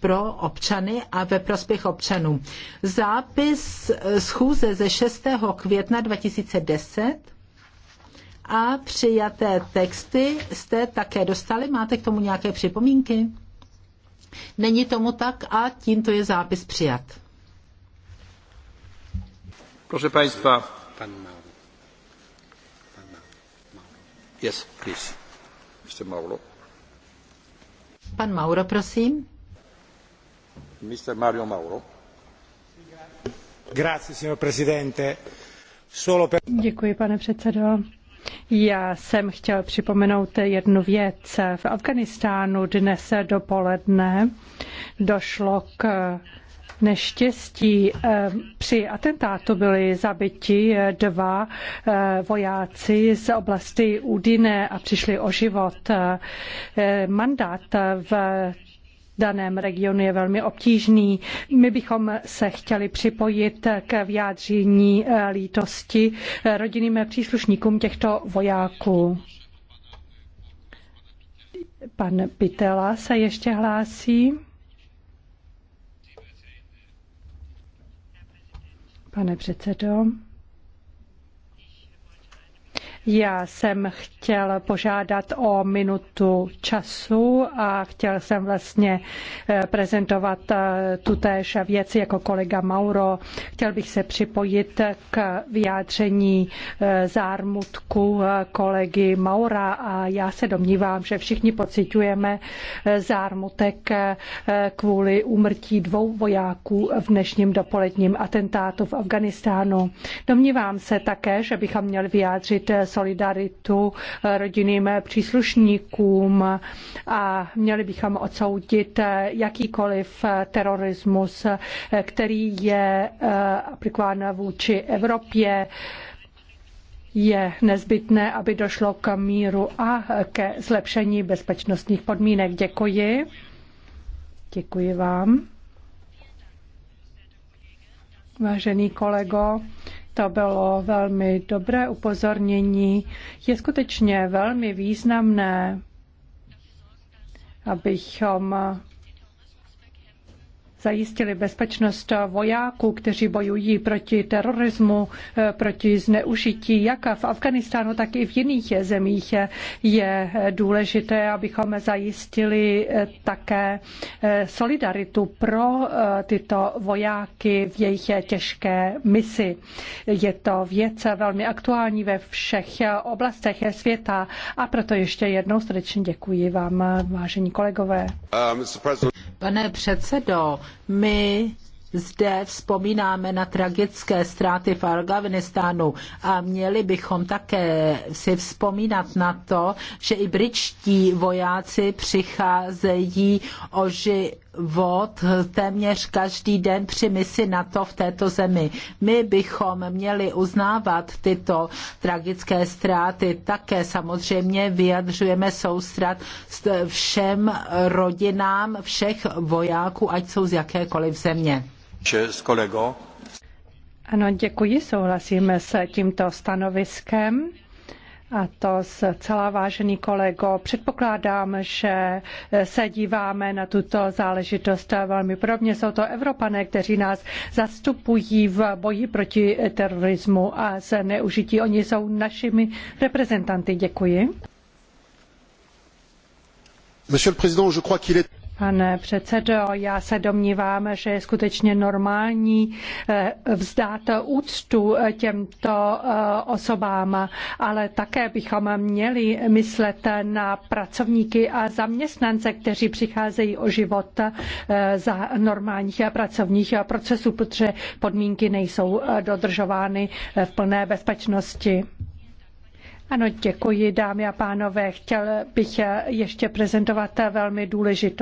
pro občany a ve prospěch občanů. Zápis eh, schůze ze 6. května 2010 a přijaté texty jste také dostali. Máte k tomu nějaké připomínky? Není tomu tak a tímto je zápis přijat. Proszę Państwa. Pan Mauro. Pan Mauro. Yes, please. Mr. Mauro. Pan Mauro, prosím. Děkuji, pane předsedo. Já jsem chtěl připomenout jednu věc. V Afganistánu dnes dopoledne došlo k neštěstí. Při atentátu byli zabiti dva eh, vojáci z oblasti Udine a přišli o život. Eh, mandát v daném regionu je velmi obtížný. My bychom se chtěli připojit k vyjádření eh, lítosti eh, rodinným příslušníkům těchto vojáků. Pan Pitela se ještě hlásí. Pane předsedo. Já jsem chtěl požádat o minutu času a chtěl jsem vlastně eh, prezentovat eh, tutéž věc jako kolega Mauro. Chtěl bych se připojit k vyjádření eh, zármutku kolegy Maura a já se domnívám, že všichni pociťujeme zármutek kvůli úmrtí dvou vojáků v dnešním dopoledním atentátu v Afganistánu. Domnívám se také, že bychom měli vyjádřit solidaritu eh, rodinným eh, příslušníkům a měli bychom odsoudit eh, jakýkoliv terorismus, který je aplikován vůči Evropě je nezbytné, aby došlo k míru a ke zlepšení bezpečnostních podmínek. Děkuji. Děkuji vám. Vážený kolego, to bylo velmi dobré upozornění. Je skutečně velmi významné, abychom zajistili bezpečnost vojáků, kteří bojují proti terorismu, eh, proti zneužití, jak v Afganistánu, tak i v jiných zemích je důležité, abychom zajistili eh, také eh, solidaritu pro tyto vojáky v jejich těžké misi. Je to věc velmi aktuální ve všech oblastech světa a proto ještě jednou srdečně děkuji vám, vážení kolegové. Um, Pane předsedo, my zde vzpomínáme na tragické ztráty v Afganistánu a měli bychom také si vzpomínat na to, že i britští vojáci přicházejí o život téměř každý den při misi NATO v této zemi. My bychom měli uznávat tyto tragické ztráty. Také samozřejmě vyjadřujeme soustrat všem rodinám všech vojáků, ať jsou z jakékoliv země. Ano, děkuji, souhlasím s tímto stanoviskem. A to zcela vážený kolego. Předpokládám, že se díváme na tuto záležitost velmi podobně. Jsou to Evropané, kteří nás zastupují v boji proti terorismu a zneužití. Oni jsou našimi reprezentanty. Děkuji. Monsieur le Président, je crois qu'il est... Pane předsedo, já se domnívám, že je skutečně normální eh, vzdát úctu eh, těmto eh, osobám, ale také bychom měli myslet na pracovníky a zaměstnance, kteří přicházejí o život za normálních pracovních procesů, protože podmínky nejsou dodržovány v plné bezpečnosti. Ano, děkuji, dámy a pánové. Chtěl bych ještě prezentovat velmi důležitou